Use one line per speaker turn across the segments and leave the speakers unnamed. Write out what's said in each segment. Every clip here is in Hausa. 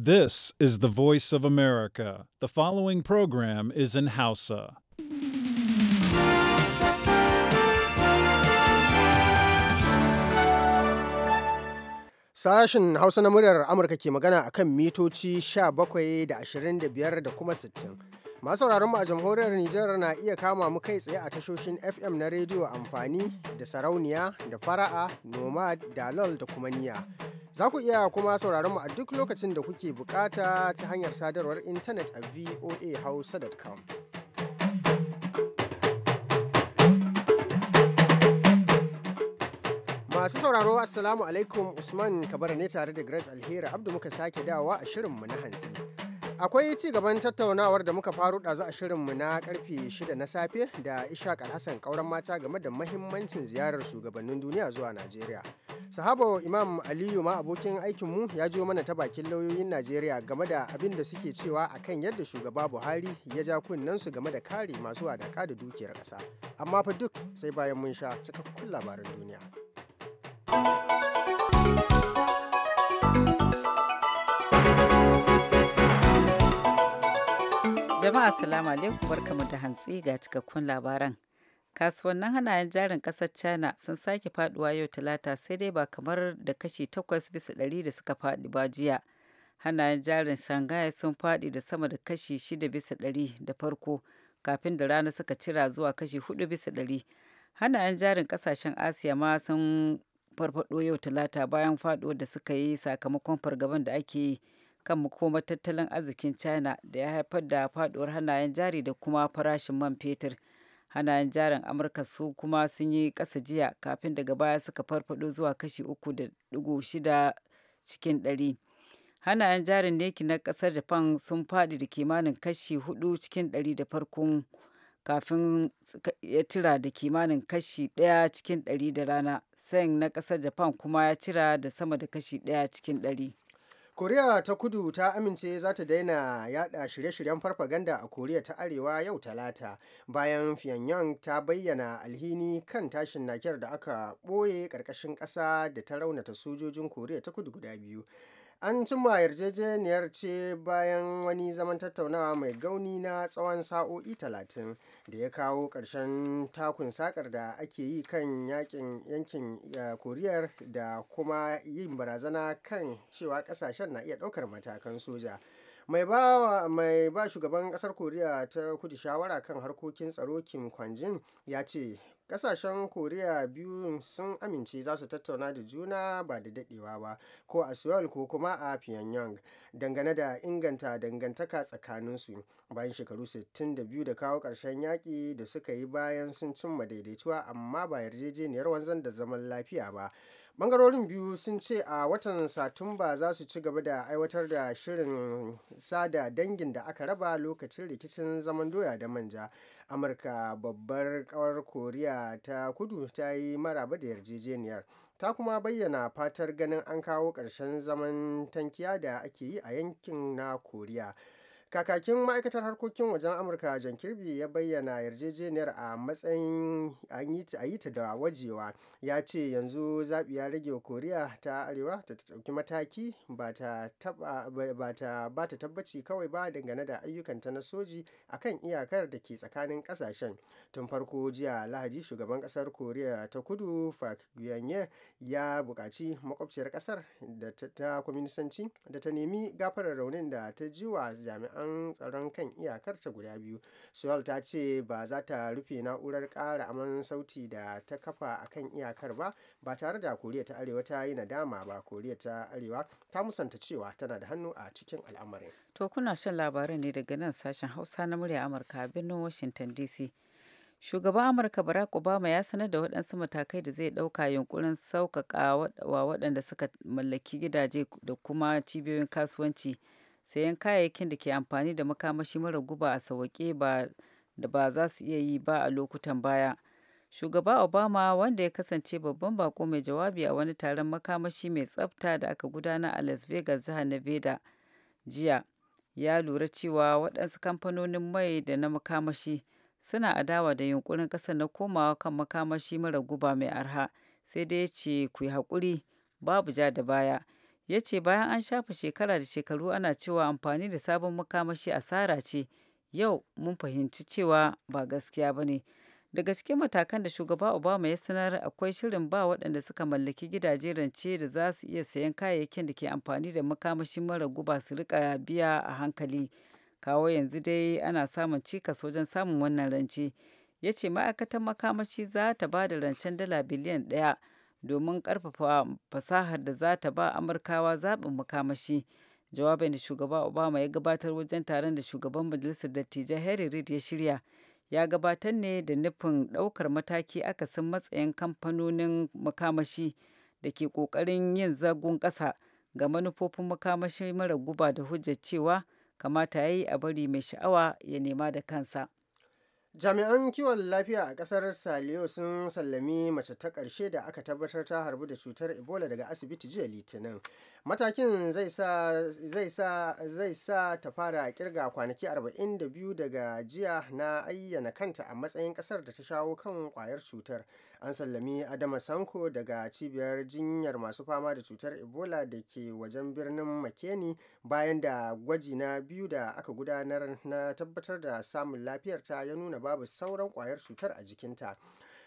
This is the voice of America. The following program is in Hausa.
Sashen Hausa na muryar Amurka ke magana akan mitoci 17 da 25 da kuma 60. masu sauraron mu a jamhuriyar Nijar na iya kama mu kai tsaye a tashoshin FM na rediyo amfani da sarauniya da fara'a, da lol da kuma niya. Za ku iya kuma sauraron mu a duk lokacin da kuke bukata ta hanyar sadarwar intanet a voahausa.com. Masu sauraro Assalamu alaikum Usman kabar ne tare da Grace Alheri Abdu muka sake dawa a shirin mu na hantsi. Akwai ci gaban tattaunawar da muka faru ɗazu a shirinmu na karfe 6 na safe da Ishaq Alhassan kauran mata game da mahimmancin ziyarar shugabannin duniya zuwa Najeriya. Sahabo Imam Aliyu ma abokin aikinmu ya jo mana ta bakin lauyoyin Najeriya game da abin da suke cewa akan yadda shugaba Buhari ya ja su game da kare masu wadaka da dukiyar ƙasa. Amma fa duk sai bayan mun sha cikakkun labaran duniya.
Jama'a salamu alaikum barkamu da hantsi ga cikakkun labaran. Kasuwannin hanayen jarin kasar China sun sake faduwa yau talata sai dai ba kamar da kashi takwas bisa dari da suka fadi ba jiya. hanayen jarin Shanghai sun fadi da sama da kashi shida bisa ɗari da farko kafin da rana suka cira zuwa kashi hudu bisa ɗari. hanayen jarin kasashen Asiya ma sun farfado yau talata bayan faduwa da suka yi sakamakon fargaban da ake yi kan makomar tattalin arzikin china da ya haifar da faduwar hanayen jari da kuma farashin man fetur hannayen jarin amurka su kuma sun yi kasa jiya kafin daga baya suka farfado zuwa kashi uku 3.6 cikin 100 hanayen jarin neki na kasar japan sun faɗi da kimanin kashi 4 cikin 100 da farkon kafin ya cira da kimanin kashi ɗaya cikin ɗari da rana sen na kasar japan kuma ya cira da sama da kashi ɗaya cikin ɗari koriya ta kudu ta amince za ta daina yada shirye-shiryen farfaganda a koriya ta arewa
yau talata bayan pyongyang ta bayyana alhini kan tashin nakiyar da aka ɓoye ƙarƙashin ƙasa da ta raunata sojojin koriya ta kudu guda biyu an cimma yarjejeniyar ce bayan wani zaman tattaunawa mai gauni na tsawon sa'o'i talatin da ya kawo ƙarshen takun sakar da ake yi kan yakin yankin koriya da kuma yin barazana kan cewa ƙasashen na iya ɗaukar matakan soja mai ba mai ba shugaban kasar koriya ta kudu shawara kan harkokin tsaro kim kwanjin ya ce kasashen koriya biyu sun amince za su tattauna da juna ba da dadewa ba ko a seoul ko kuma a pyongyang dangane da inganta dangantaka tsakanin su bayan shekaru 62 da kawo ƙarshen yaƙi da suka yi bayan sun cimma daidaituwa amma ba yarjejeniyar wanzan da zaman lafiya ba bangarorin biyu sun ce a watan satumba za su ci gaba da aiwatar da shirin sada dangin da aka raba lokacin rikicin zaman doya da manja amurka babbar kawar koriya ta kudu ta yi maraba da yarjejeniyar ta kuma bayyana fatar ganin an kawo ƙarshen zaman tankiya da ake yi a yankin na koriya kakakin ma'aikatar harkokin wajen amurka jan kirby ya bayyana yarjejeniyar a matsayin a yi ta da wajewa ya ce yanzu zaɓi ya rage koriya ta arewa ta ɗauki mataki ba ta tabbaci kawai ba dangane da ayyukanta na soji akan iyakar da ke tsakanin ƙasashen tun farko jiya lahadi shugaban ƙasar koriya ta kudu park ya buƙaci maƙwabciyar ƙasar da ta kwaminisanci da ta nemi gafarar raunin da ta ji wa jami'a. jami'an tsaron kan iyakarta guda biyu sewell ta ce ba za ta rufe na'urar kara aman sauti da ta kafa a kan iyakar ba ba tare da koriya ta arewa ta yi nadama ba koriya ta arewa ta musanta cewa tana da hannu a cikin al'amarin
to kuna shan labarin ne daga nan sashen hausa na murya amurka birnin washington dc shugaban amurka barack obama ya sanar da waɗansu matakai da zai ɗauka yunkurin sauƙaƙa wa waɗanda suka mallaki gidaje da kuma cibiyoyin kasuwanci sayan kayayyakin da ke amfani da makamashi mara guba a sauƙe ba da ba za su iya yi ba a lokutan baya. Shugaba Obama wanda ya kasance babban bako mai jawabi a wani taron makamashi mai tsafta da aka gudana a Las Vegas jihar Nevada jiya ya lura cewa waɗansu kamfanonin mai da na makamashi suna adawa da yunkurin ƙasa na komawa kan makamashi mara guba mai arha sai dai ya ce ku yi haƙuri babu ja da baya. ya ce bayan an shafe shekara da shekaru ana cewa amfani da sabon makamashi asara ce yau mun fahimci cewa ba gaskiya ba ne daga cikin matakan da shugaba obama ya sanar akwai shirin ba waɗanda suka mallaki gidaje rance da za su iya sayan kayayyakin da ke amfani da makamashi mara guba su rika biya a hankali kawo yanzu dai ana samun cikas wajen samun wannan rance ya ce ma'aikatan makamashi za ta ba da rancen dala biliyan ɗaya domin ƙarfafa fasahar da za ta ba Amurkawa zaɓin makamashi. Jawabin da shugaba Obama ya gabatar wajen taron da shugaban majalisar dattijai Harry Reid ya shirya. Ya gabatar ne da nufin ɗaukar mataki akasin matsayin kamfanonin makamashi da ke ƙoƙarin yin zagon ƙasa ga manufofin makamashi mara guba da hujjar cewa kamata ya yi a bari mai sha'awa ya nema da kansa.
jami'an kiwon lafiya a kasar saliyo sun sallami mace ta ƙarshe da aka tabbatar ta harbu da cutar ebola daga asibiti jiya litinin matakin zai sa ta fara kirga kwanaki 42 daga jiya na ayyana kanta a matsayin kasar da ta shawo kan kwayar cutar an sallami adama sanko daga cibiyar jinyar masu fama da cutar ebola da ke wajen birnin makeni bayan da gwaji na biyu da aka gudanar na tabbatar da samun lafiyarta ya nuna babu sauran kwayar cutar a jikinta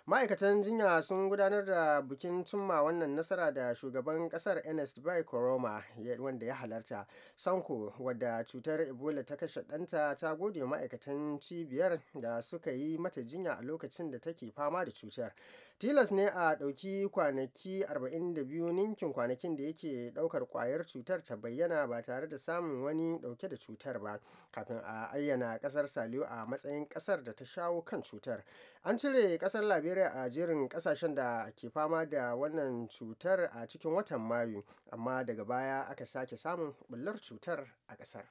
ma'aikatan jinya sun gudanar da bikin cimma wannan nasara da shugaban kasar ernest bai koroma wanda ya halarta sanko wadda cutar ebola ta kashe ɗanta ta gode ma'aikatan cibiyar da suka yi mata jinya a lokacin da take fama da cutar tilas ne a ɗauki kwanaki 42 ninkin kwanakin da yake ɗaukar ƙwayar cutar ta bayyana ba tare da samun wani ɗauke da cutar ba kafin a ayyana ƙasar saliyo a matsayin ƙasar da ta shawo kan cutar an cire ƙasar liberia a jerin ƙasashen da ke fama da wannan cutar a cikin watan mayu amma daga baya aka sake samun bullar cutar a ƙasar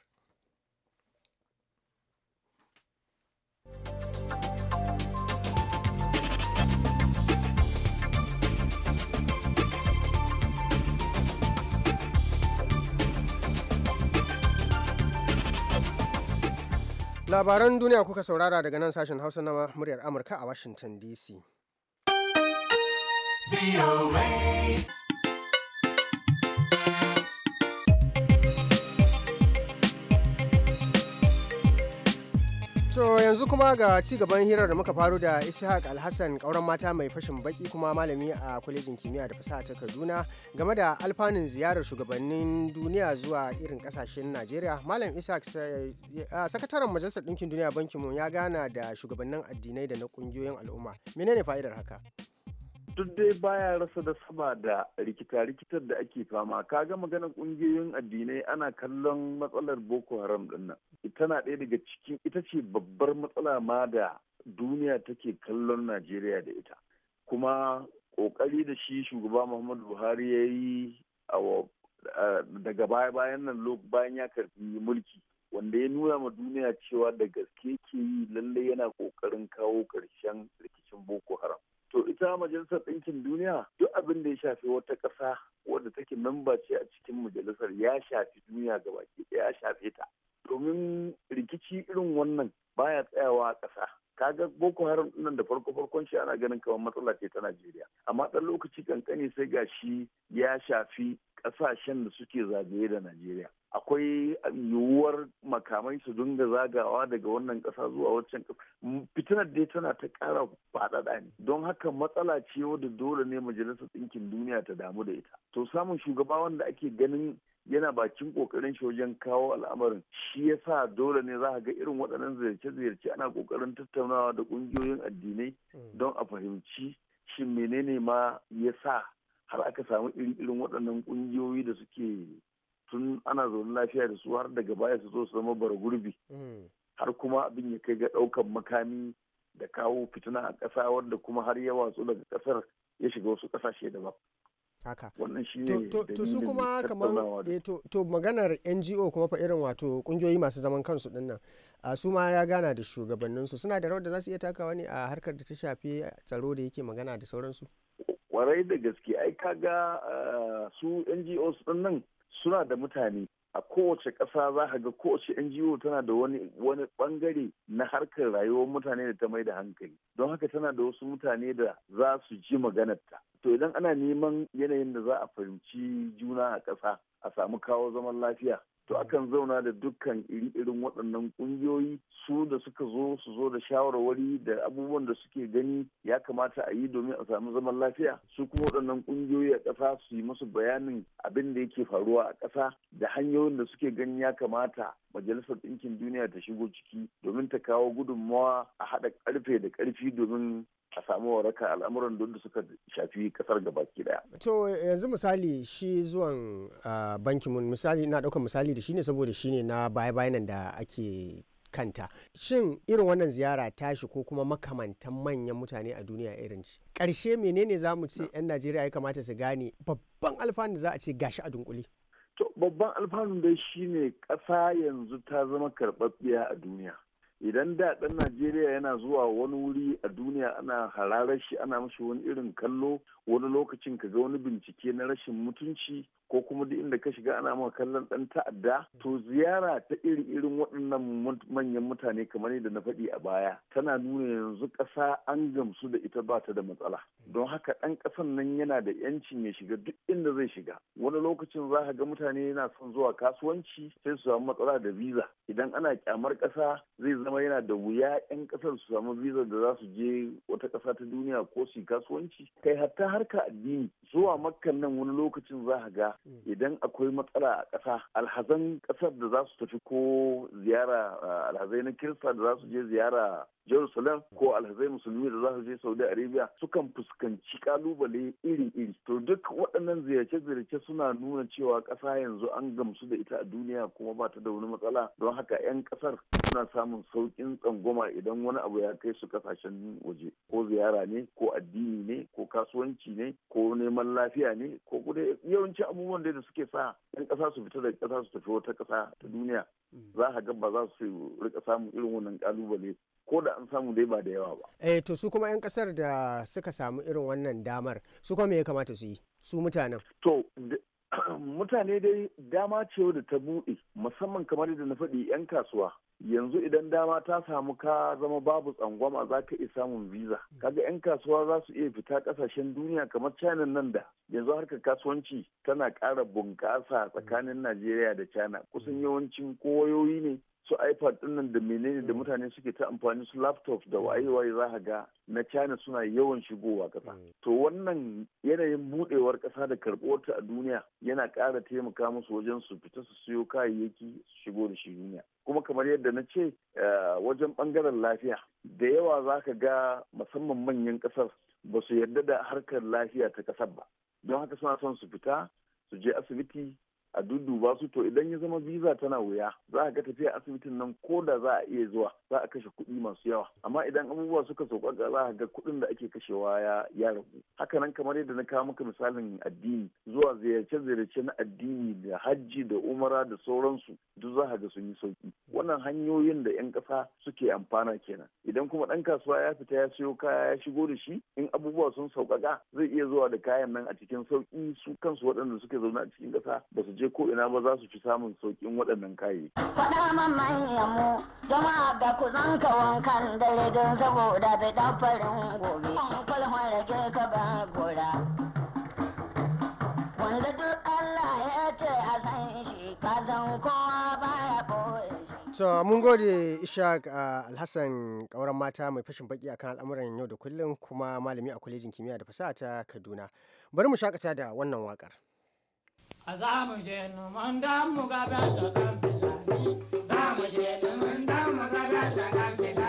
labaran duniya kuka saurara daga nan sashen hausa na muryar amurka a washington dc To yanzu kuma ga ci gaban hirar da muka faru da Ishaq Alhassan kauran mata mai fashin baki kuma malami a kwalejin kimiyya da fasaha ta Kaduna game da alfanun ziyarar shugabannin duniya zuwa irin kasashen Najeriya. Malam Ishaq eh, sakataren Majalisar Dinkin Duniya Bankinmu ya gana da shugabannin addinai da na kungiyoyin al'umma. Menene fa'idar haka? duk dai baya
rasa da saba da rikita-rikitar da ake fama kaga magana kungiyoyin addinai ana kallon matsalar boko haram din nan tana ɗaya daga cikin ita ce babbar matsala ma da duniya take kallon najeriya da ita kuma ƙoƙari da shi shugaba muhammadu buhari ya yi daga baya bayan nan bayan ya karfi mulki wanda ya nuna ma duniya cewa da gaske ke yi lallai yana ƙoƙarin kawo ƙarshen rikicin boko haram to ita majalisar ɗinkin duniya duk abin da ya shafi wata ƙasa wadda take memba ce a cikin majalisar ya shafi duniya baki ɗaya ya shafe ta domin rikici irin wannan baya tsayawa a ƙasa kaga boko haram nan da farko farkon shi ana ganin kamar matsala ce ta najeriya amma ɗan lokaci kankani sai ga shi ya shafi ƙasashen da suke zagaye da najeriya akwai yiwuwar makamai su dinga zagawa daga wannan ƙasa zuwa waccan ƙasa fitinar dai tana ta ƙara faɗaɗa ne don haka matsala ce wadda dole ne majalisar ɗinkin duniya ta damu da ita to samun shugaba wanda ake ganin yana bakin kokarin shi wajen kawo al'amarin shi yasa dole ne za a ga irin waɗannan ziyarce-ziyarce ana kokarin tattaunawa da ƙungiyoyin addinai mm. don a fahimci shi menene ma ya sa har aka samu irin irin waɗannan ƙungiyoyi da suke tun ana zaune lafiya da su har daga baya su zo su zama bara gurbi mm. har kuma abin ya kai ga ɗaukan makami da kawo fitina a ƙasa wadda kuma har ya watsu daga ƙasar ya shiga wasu ƙasashe daban
haka to su kuma kamar eh, to maganar ngo kuma fa irin wato kungiyoyi masu zaman kansu din nan su ma ya gana da shugabanninsu suna da rawar da za su iya takawa ne a harkar da ta shafi tsaro da yake magana da sauransu
kwarai da gaske ai kaga su ngo din nan suna da mutane a kowace ƙasa za ka ga kowace NGO tana da wani wani bangare na harkar rayuwar mutane da ta mai da hankali don haka tana da wasu mutane da za su ji maganarta to idan ana neman yanayin da za a fahimci juna a ƙasa a samu kawo zaman lafiya to akan zauna da dukkan iri-irin waɗannan ƙungiyoyi su da suka zo su zo da shawarwari da abubuwan da suke gani ya kamata a yi domin a samu zaman lafiya su kuma waɗannan ƙungiyoyi a ƙasa su yi musu bayanin abin da yake faruwa a ƙasa da hanyoyin da suke gani ya kamata majalisar ɗinkin duniya ta shigo ciki domin ta kawo gudunmawa a haɗa ƙarfe da ƙarfi domin a samu waraka al'amuran duk da suka shafi kasar
gabaki daya. To yanzu misali shi zuwan bankin mun misali na ɗaukar misali da shi ne saboda shi ne na baya-bayan nan da ake kanta shin irin wannan ziyara tashi ko kuma makamantan manyan mutane a duniya irin shi ƙarshe menene za mu ce 'yan najeriya ya kamata su gane babban alfanu da za a ce gashi a dunkule to babban alfanu dai
shine ƙasa yanzu ta zama karɓaɓɓiya a duniya idan da ɗan najeriya yana zuwa wani wuri a duniya ana hararar shi ana mashi wani irin kallo wani lokacin ka ga wani bincike na rashin mutunci ko kuma duk inda ka shiga ana maka kallon dan ta'adda to ziyara ta iri irin waɗannan manyan mutane kamar yadda na faɗi a baya tana nuna yanzu ƙasa an gamsu da ita ba ta da matsala don haka ɗan ƙasan nan yana da yancin ya shiga duk inda zai shiga wani lokacin za ka ga mutane yana son zuwa kasuwanci sai su samu matsala da visa idan ana kyamar ƙasa zai zama yana da wuya 'yan ƙasar su samu visa da za su je wata ƙasa ta duniya ko su kasuwanci kai hatta harka addini zuwa makkan nan wani lokacin za ka ga Mm. idan akwai matsala a ƙasa alhazan ƙasar da za su tafi ko ziyara alhazai na kirista da za su je ziyara Jerusalem ko alhazai musulmi da za su je Saudi Arabia sukan fuskanci kalubale iri-iri. To duk waɗannan ziyarce-ziyarce suna nuna cewa ƙasa yanzu an gamsu da ita a duniya kuma ba ta da wani matsala don haka 'yan ƙasar suna samun sauƙin tsangwama idan wani abu ya kai su ƙasashen waje ko ziyara ne ko addini ne ko kasuwanci ne ko neman lafiya ne ko kuma yawanci abubuwan da suke sa 'yan ƙasa su fita da ƙasa su tafi wata ƙasa ta duniya mm. za ka ga ba za su rika samun irin wannan ƙalubale ko da an samu dai ba da yawa ba.
Eh to su kuma 'yan kasar da suka samu irin wannan damar su kuma me ya kamata su yi su mutanen?
To mutane dai dama ce da ta buɗe musamman kamar da na faɗi 'yan kasuwa yanzu idan dama ta samu ka zama babu tsangwama za ka iya samun visa hmm. kaga 'yan kasuwa za su iya fita kasashen duniya kamar china nan da yanzu harkar kasuwanci tana kara bunƙasa tsakanin najeriya da china kusan hmm. yawancin koyoyi ne su ipad dinnan da menene da mm. mutane suke ta amfani su laptop da waye-waye mm. za ga na china suna yawan shigowa kasa mm. to wannan yanayin budewar kasa da karbuwarta a duniya yana ƙara taimaka musu wajen su fita su siyo kayayyaki su shigo da shi duniya kuma kamar yadda na ce eh, wajen bangaren lafiya da yawa za ka ga musamman manyan kasar ba su yarda da harkar lafiya ta kasar ba don haka suna son su fita su je asibiti a dudduba su to idan ya zama visa tana wuya za a ga tafiya asibitin nan ko da za a iya zuwa za a kashe kuɗi masu yawa amma idan abubuwa suka sauƙaƙa za a ga kuɗin da ake kashewa ya ya ragu haka nan kamar yadda na kawo maka misalin addini zuwa ziyarce-ziyarce na addini da hajji da umara da sauransu duk za a ga sun yi sauƙi wannan hanyoyin da 'yan ƙasa suke amfana kenan idan kuma ɗan kasuwa ya fita ya siyo kaya ya shigo da shi in abubuwa sun sauƙaƙa zai iya zuwa da kayan nan a cikin sauƙi su kansu waɗanda suke zaune a cikin ƙasa ba su je ko ina ba za su fi samun saukin waɗannan kayi
Faɗa man manyan mu jama'a da ku ka wankan dare don saboda bai farin gobe. Kwalhon rage ka ban gora. Wanda duk Allah ya ce a san shi ka zan kowa baya ɓoye.
To mun gode Ishaq Alhassan kauran mata mai fashin baki akan al'amuran yau da kullum kuma malami a kwalejin kimiyya da fasaha ta Kaduna. Bari mu shakata da wannan wakar.
a za mu je numan da mu gaba da kan filani za mu je numan mu gaba da kan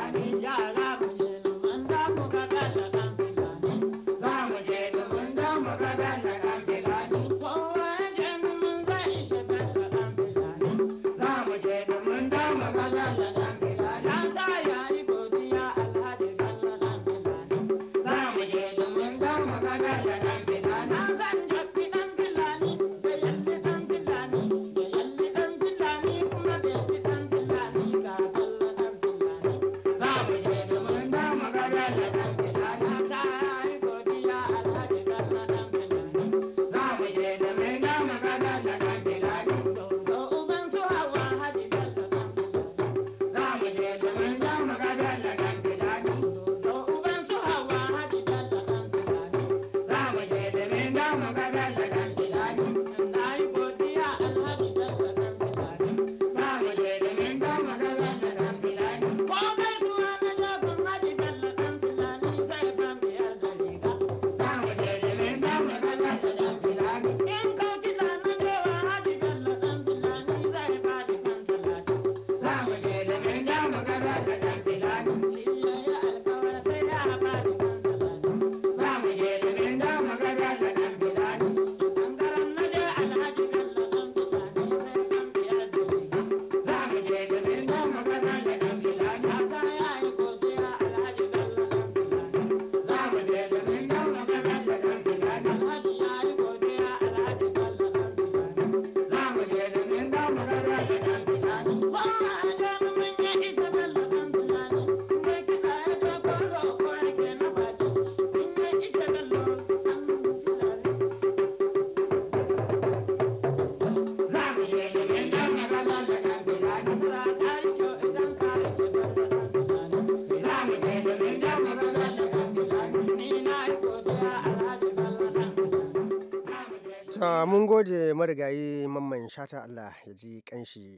To mun gode marigayi mamman shata Allah ya ji kanshi.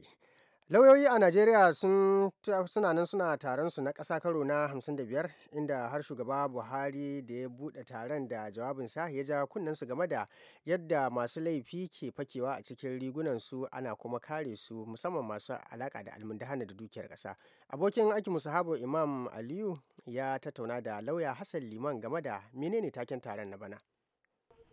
Lauyoyi a Najeriya suna nan suna taron su na ƙasa karo na 55 inda har shugaba Buhari da ya buɗe taron da jawabinsa ya ja su game da yadda masu laifi ke fakewa a cikin rigunan su ana kuma kare su musamman masu alaka da almundahana da dukiyar ƙasa. Abokin aiki Musahabo Imam Aliyu ya tattauna da lauya Hassan Liman game da menene taken taron na bana.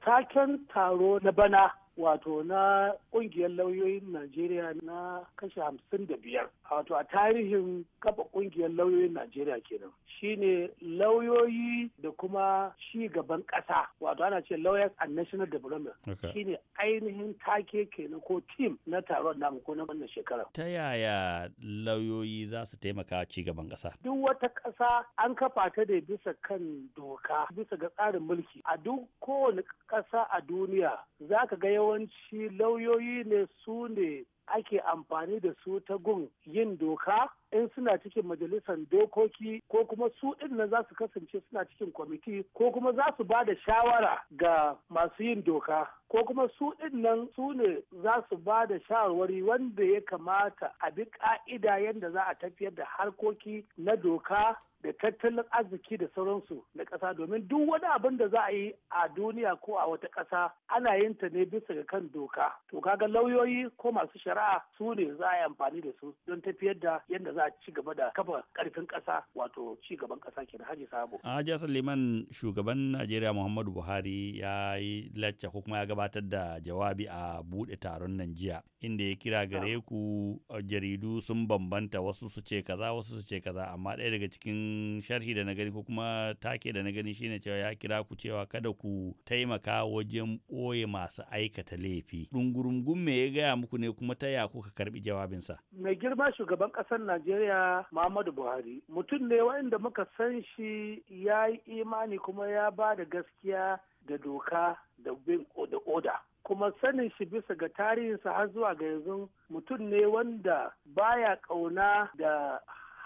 taken taro na
bana wato na kungiyar lauyoyin Najeriya na kashe hamsin da biyar. Wato a tarihin kafa kungiyar lauyoyin Najeriya kenan. Shine lauyoyi da kuma shi gaban ƙasa wato ana ce lawyers and national development. Shine ainihin take kenan ko team na taron namu ko na wannan shekarar.
Ta yaya lauyoyi za su taimaka ci gaban ƙasa?
Duk wata ƙasa an kafa ta da bisa kan doka bisa ga tsarin mulki. A duk kowane ƙasa a duniya za ka ga yawan yawanci lauyoyi ne su ne ake amfani da su ta gun yin doka in suna cikin majalisar dokoki ko kuma su din nan za su kasance suna cikin kwamiti ko kuma za su ba da shawara ga masu yin doka ko kuma su din nan su ne za su ba da shawarwari wanda ya kamata a bi ƙa'ida yadda za a tafiyar da harkoki na doka da tattalin arziki da sauransu na ƙasa domin duk wani abin da za a yi a duniya ko a wata ƙasa ana yin ta ne bisa ga kan doka to kaga lauyoyi ko masu shari'a ƙasa su ne za a yi amfani da su don tafiyar da yadda za a ci gaba da kafa ƙarfin ƙasa wato ci gaban ƙasa da Haji Sabo.
Haji Suleiman shugaban Najeriya Muhammadu Buhari ya yi lacca ko kuma ya gabatar da jawabi a buɗe taron nan jiya inda ya kira gare ku jaridu sun bambanta wasu su ce kaza wasu su ce kaza amma ɗaya daga cikin sharhi da na gani ko kuma take da na gani shine cewa ya kira ku cewa kada ku taimaka wajen ɓoye masu aikata laifi. dungurungun me ya gaya muku ne kuma ta ya kuka karbi jawabinsa?
Mai girma shugaban ƙasar Najeriya Muhammadu Buhari mutum ne wanda muka san shi ya yi imani kuma ya ba da gaskiya da doka da bin da oda. Kuma sanin shi bisa ga tarihinsa har zuwa ga yanzu mutum ne wanda baya ƙauna da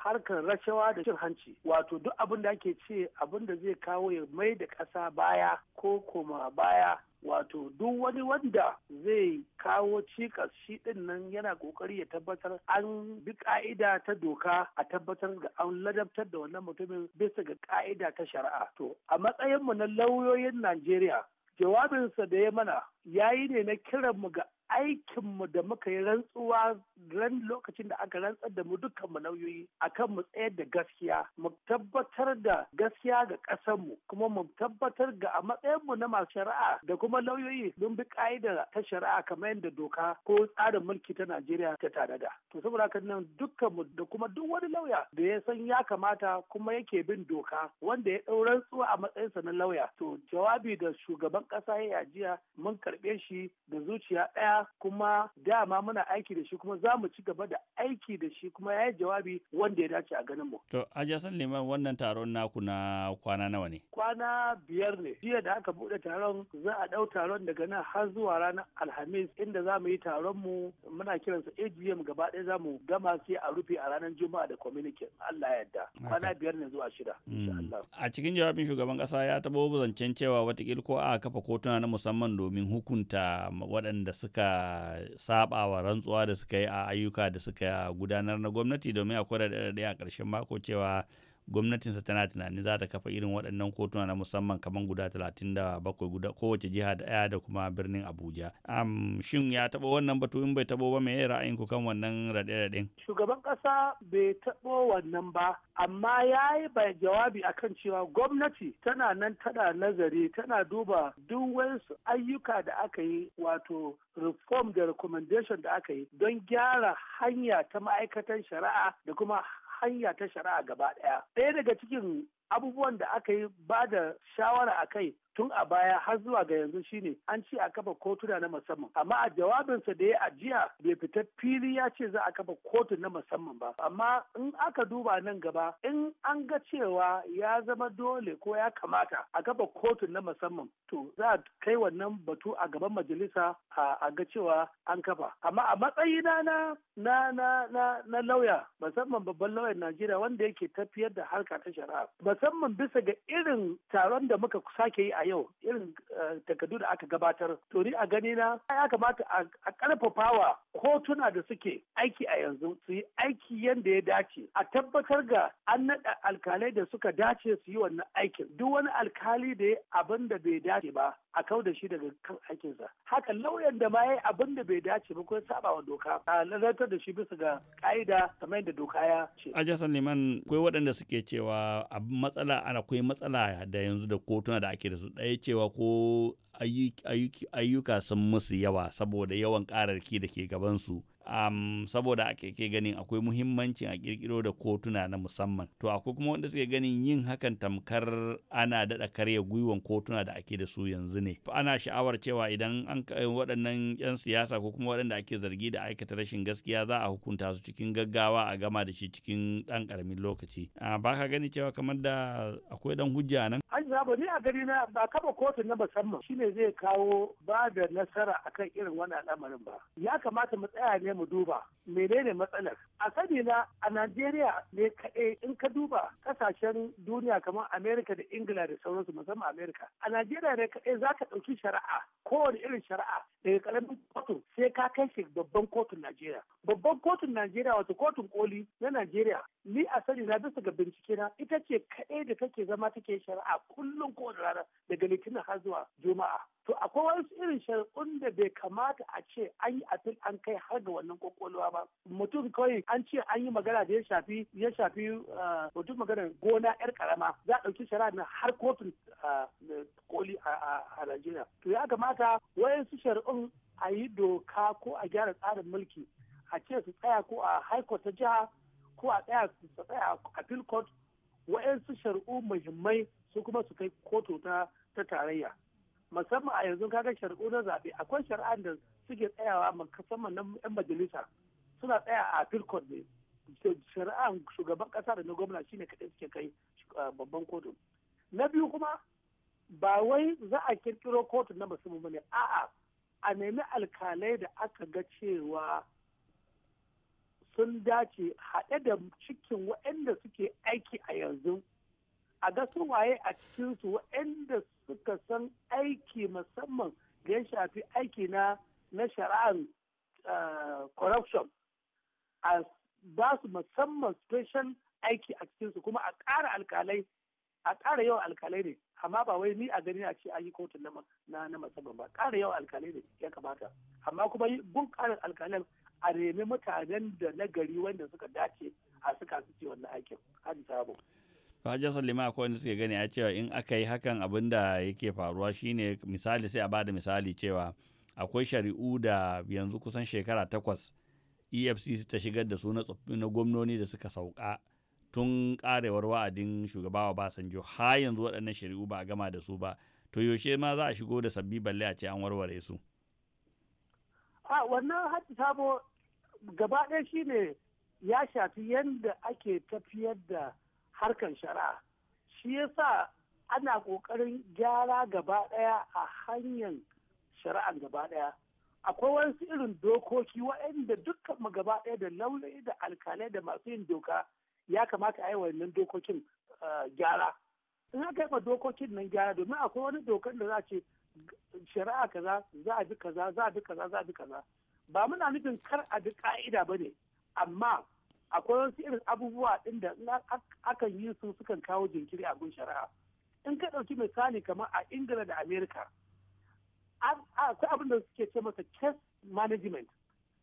harkar rashawa da cin hanci wato duk abin da ake ce abin da zai kawo ya mai da ƙasa baya ko koma baya wato duk wani wanda zai kawo cikas shi din nan yana kokari ya tabbatar an bi ka'ida ta doka a tabbatar ga an ladabtar da wannan mutumin bisa ga ka'ida ta shari'a to a matsayin mu na lauyoyin najeriya jawabinsa da ya mana yayi ne na kiran mu ga aikinmu da muka yi rantsuwa ran lokacin da aka rantsar da mu dukkanmu nauyoyi akan mu tsayar da gaskiya mu tabbatar da gaskiya ga mu kuma mu tabbatar ga a matsayin mu na masu shari'a da kuma lauyoyi mun bi ka'ida ta shari'a kamar yadda doka ko tsarin mulki ta Najeriya ta tanada to saboda haka nan dukkanmu da kuma duk wani lauya da ya san ya kamata kuma yake bin doka wanda ya ɗau rantsuwa a matsayinsa na lauya to jawabi da shugaban ƙasa ya jiya mun karɓe shi da zuciya ɗaya kuma dama muna aiki da shi kuma za mu ci gaba da aiki da shi kuma ya yi jawabi wanda ya dace a ganin mu.
To Ajasan Liman wannan taron naku na kwana nawa ne?
Kwana biyar ne. Jiya da aka bude taron za a ɗau taron daga nan har zuwa ranar Alhamis inda za mu yi taron mu muna kiransa AGM gaba ɗaya za mu gama sai a rufe a ranar Juma'a da communique Allah ya yarda. Kwana biyar ne zuwa shida.
Hmm. A cikin jawabin shugaban ƙasa ya taɓa zancen cewa watakila ko a kafa kotuna na musamman domin hukunta waɗanda suka suka saba wa rantsuwa da suka yi a ayyuka da suka gudanar na gwamnati domin akwai raɗaɗe a ƙarshen mako cewa gwamnatinsa tana tunanin za ta kafa irin waɗannan kotuna na musamman kamar guda 37 guda kowace jiha da ɗaya da kuma birnin abuja Am shin ya taɓa wannan batu in bai taɓo ba me ra'ayinku kan wannan raɗe-raɗen
shugaban ƙasa bai taɓo wannan ba amma ya yi bai jawabi akan cewa gwamnati tana nan tana nazari tana duba duk wasu ayyuka da aka yi wato reform da recommendation da aka yi don gyara hanya ta ma'aikatan shari'a da kuma hanya ta shari'a gaba ɗaya ɗaya daga cikin abubuwan da aka yi ba da shawara a kai tun a baya har zuwa ga yanzu shine an ci a kafa kotuna na musamman amma a jawabinsa da ya ajiya bai fita fili ya ce za a kafa kotu na musamman ba amma in aka duba nan gaba in an ga cewa ya zama dole ko ya kamata a kafa kotu na musamman to za a kai wannan batu a gaban majalisa a ga cewa an kafa amma a matsayina na na na na, lauya musamman babban lauyan Najeriya wanda yake tafiyar da harka ta shari'a musamman bisa ga irin taron da muka sake yi a yau irin eh, takardu da aka gabatar to ni a gani na ya kamata a karfafa wa kotuna da suke aiki a yanzu su yi aiki yadda ya dace a tabbatar ga an naɗa alkalai da suka dace su yi wannan aikin duk wani alkali da ya abin da bai dace ba a kau da shi daga kan aikinsa haka lauyan da ma ya abin da bai dace ba ko saba wa doka a lalatar da shi bisa ga ka'ida kamar yadda doka ya
ce. Ajasan Liman akwai waɗanda suke cewa matsala ana akwai matsala da yanzu da kotuna da ake da su ɗaya cewa ko ayyuka sun musu yawa saboda yawan ƙararki da ke gabansu um, saboda ake ke ganin akwai muhimmancin a kirkiro da kotuna na musamman to akwai kuma wanda suke ganin yin hakan tamkar ana daɗa karya gwiwan kotuna da ake da su yanzu ne ana sha'awar cewa idan an waɗannan 'yan siyasa ko kuma waɗanda ake zargi da aikata rashin gaskiya za a hukunta su cikin gaggawa a gama da shi cikin ɗan ƙaramin lokaci uh, ba ka gani cewa kamar da akwai ɗan hujja nan.
ba ni a gari na ba kaba kotun na musamman shine ne zai kawo ba da nasara akan irin wannan al'amarin ba ya kamata mu tsaya ne mu duba menene matsalar a na a najeriya ne kaɗai in ka duba ƙasashen duniya kamar amerika da ingila da sauransu musamman amerika a najeriya ne kaɗai za ka ɗauki shari'a kowane irin shari'a daga ƙaramin kotun sai ka kai shi babban kotun najeriya babban kotun najeriya wato kotun koli na najeriya ni a sani na bisa ga bincike na ita ce kaɗai da take zama take shari'a kullum kowane rana daga litinin har zuwa juma'a to akwai wasu irin shari'un da bai kamata a ce an yi apil an kai har ga wannan kwakwalwa ba mutum kawai an ce an yi magana da ya shafi ya shafi eh, mutum magana gona yar karama za a ɗauki shari'a na har kotun eh, koli a Najeriya to ya kamata wayansu shari'un a yi doka ko a gyara tsarin mulki a ce su tsaya ko a high court ta jiha ko a tsaya su tsaya a filkot court wayansu shari'u muhimmai su kuma su kai kotu ta tarayya musamman a yanzu kaga shari'u na zaɓe akwai shari'ar da suke tsayawa musamman na 'yan majalisa suna tsaya a filkon ne shari'a shugaban ƙasa da na gwamna shine kaɗai suke kai babban kotu na biyu kuma ba wai za a kirkiro kotu na musamman ba ne a'a a nemi alkalai da aka ga cewa sun dace haɗe da cikin waɗanda suke aiki a yanzu a ga su waye a cikin su waɗanda suka san aiki musamman da ya shafi aiki na na shari'an eh, corruption a ba su musamman special aiki a cikin su kuma a ƙara alkalai a ƙara yawan alkalai ne amma ba wai ni a gani a ce ayi yi kotun na na musamman ba ƙara yawan alkalai ne ya kamata amma kuma gun ƙarin alkalai a nemi mutanen da na gari wanda suka dace a suka su ce wannan aikin hadi sabo
Hajiya Salima akwai wanda suke gani a cewa in aka yi hakan abin da yake faruwa shine misali sai a bada misali cewa akwai shari'u da yanzu kusan shekara takwas EFCC ta shigar da su na gwamnoni da suka sauka tun karewar wa'adin shugaba basanjo ha yanzu waɗannan shari'u ba a gama da su ba to yaushe ma za a shigo da sabbi balle a ce an warware su.
A wannan hajji sabo gaba ɗaya shine ya shafi yadda ake tafiyar da harkar shari'a shi yasa ana kokarin gyara gaba daya a hanyar shari'a gaba ɗaya akwai wasu irin dokoki waɗanda dukkan mu gaba daya da lauyoyi da alkalai da masu yin doka ya kamata a yi wannan dokokin eh, gyara in aka yi dokokin nan gyara domin akwai wani dokar da za ce shari'a kaza za a bi kaza za a bi kaza za a bi kaza ba muna nufin kar a bi ka'ida ba ne amma akwai wasu irin abubuwa ɗin da akan yi su sukan kawo jinkiri a gun shari'a in ka ɗauki misali kamar a ingila da amerika akwai abin da suke ce masa case management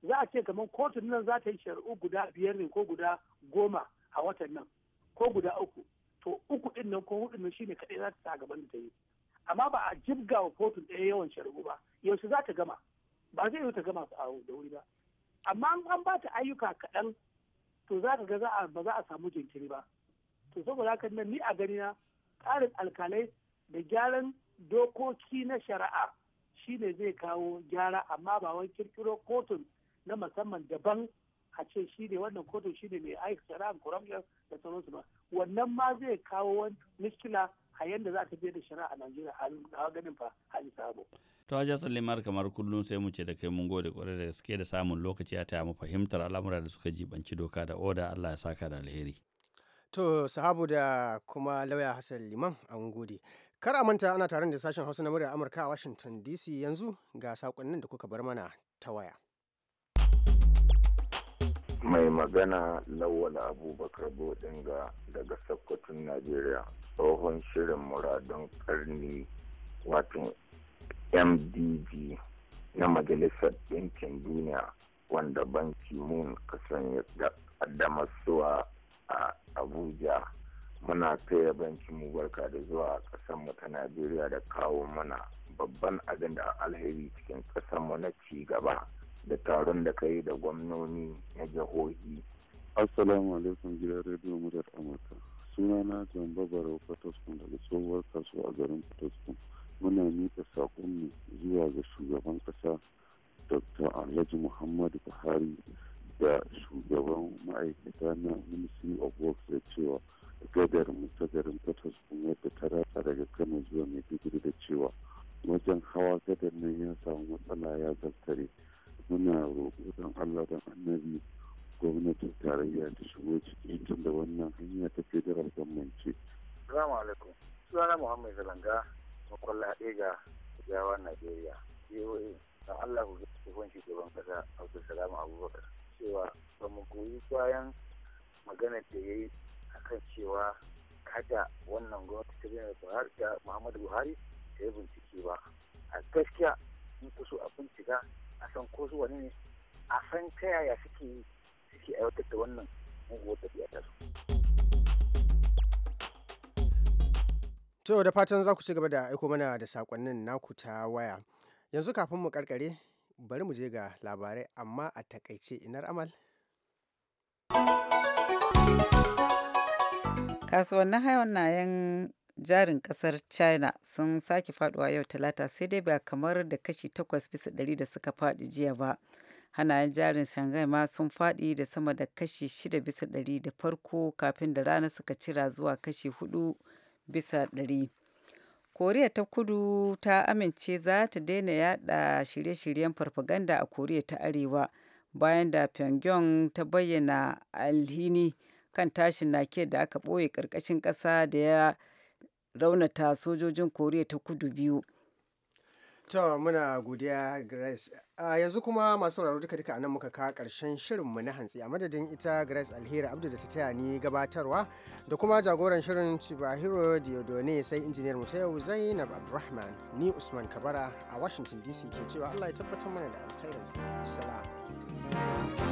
za a ce kamar kotun nan za ta yi shari'u guda biyar ne ko guda goma a watan nan ko guda uku to uku ɗin nan ko huɗu nan shine kaɗai za ta sa gaban da ta yi amma ba a jibga wa kotun ɗaya yawan shari'u ba yaushe za ta gama ba zai yi ta gama su a da wuri ba amma an ba ta ayyuka kaɗan to za ka ga ba za a samu jinkiri ba to saboda haka nan ni a gani na ƙarin alkalai da gyaran dokoki na shari'a shine zai kawo gyara amma ba wani kirkiro kotun na musamman daban a ce shi ne wannan kotun shi ne mai aiki shari'a corruption da sauransu ba wannan ma zai kawo wani miskila a yadda za a tafiyar da shari'a a Najeriya a ganin fa hali sabo.
To Hajiya Salimar kamar kullum sai mu ce da kai mun gode kwarai da gaske da samun lokaci ya taya mu fahimtar al'amura da suka jibanci doka da oda Allah ya saka da alheri.
To sahabu da kuma lauya Hassan Liman a gode. Kar a manta ana taron da sashen Hausa na muryar Amurka a Washington DC yanzu ga sakonnin da kuka bar mana ta waya.
mai magana lawal abubakar bodinga daga sokoton najeriya tsohon shirin muradun karni wato mdb na majalisar ɗinkin duniya wanda banki mun kasan ya da suwa a abuja muna taya banki mu barka da zuwa a mu ta najeriya da kawo mana babban abin da alheri cikin ƙasar na ci gaba da taron da kayi da gwamnoni na jihohi assalamu alaikum gidan radio muryar amurka sunana jamba barau fataskun daga tsohuwar kasuwa garin fataskun muna mika saƙonmu zuwa ga shugaban ƙasa dr alhaji muhammadu buhari da shugaban ma'aikata na ministry of works da cewa gadar mu ta garin fatas yadda ta ratsa daga kano zuwa mai maiduguri da cewa wajen hawa gadar nan ya samu matsala ya zartare muna roƙo don allah don annabi gwamnatin tarayya ta shigo ciki tun da wannan hanya ta federal gwamnati. Salamu alaikum. Sunana Muhammad Zalanga makwalla haɗe ga Najeriya. COA don Allah ku tsohon shugaban kasa Abdulsalam Abubakar cewa ba mu goyi bayan magana da ya yi akan cewa kada wannan gwamnati ta bayan Buhari da Muhammadu Buhari ta yi bincike ba. A gaskiya
in ku so a bincika a san ko su ne a san ta yaya suke suke aiwatar da wannan muguwar tafiya ta su.
To da fatan za ku ci gaba da aiko mana da sakonnin naku ta waya. Yanzu kafin mu karkare bari mu je ga labarai amma a takaice inar amal.
Kasuwannin yan jarin kasar China sun sake faduwa yau talata sai dai ba kamar da kashi takwas bisa 100 da suka faɗi jiya ba. hanayen jarin shanghai ma sun faɗi da sama da kashi shida bisa ɗari da farko kafin da rana suka cira zuwa kashi 4 bisa ɗari. koriya ta kudu ta amince za ta daina yada shirye-shiryen farfaganda a koriya ta arewa bayan da pyongyang ta bayyana alhini kan tashin nake da aka ɓoye ƙarƙashin ƙasa da ya raunata sojojin koriya ta kudu biyu To
muna godiya Grace. A yanzu kuma masu sauraro duka duka anan muka ka karshen shirinmu na hantsi a madadin ita Grace Alheri Abdu da ta taya ni gabatarwa da kuma jagoran shirin Chibahiro Diodone sai injiniyar mu ta yau Zainab Abdulrahman ni Usman Kabara a Washington DC ke cewa Allah ya tabbatar mana da sa. Assalamu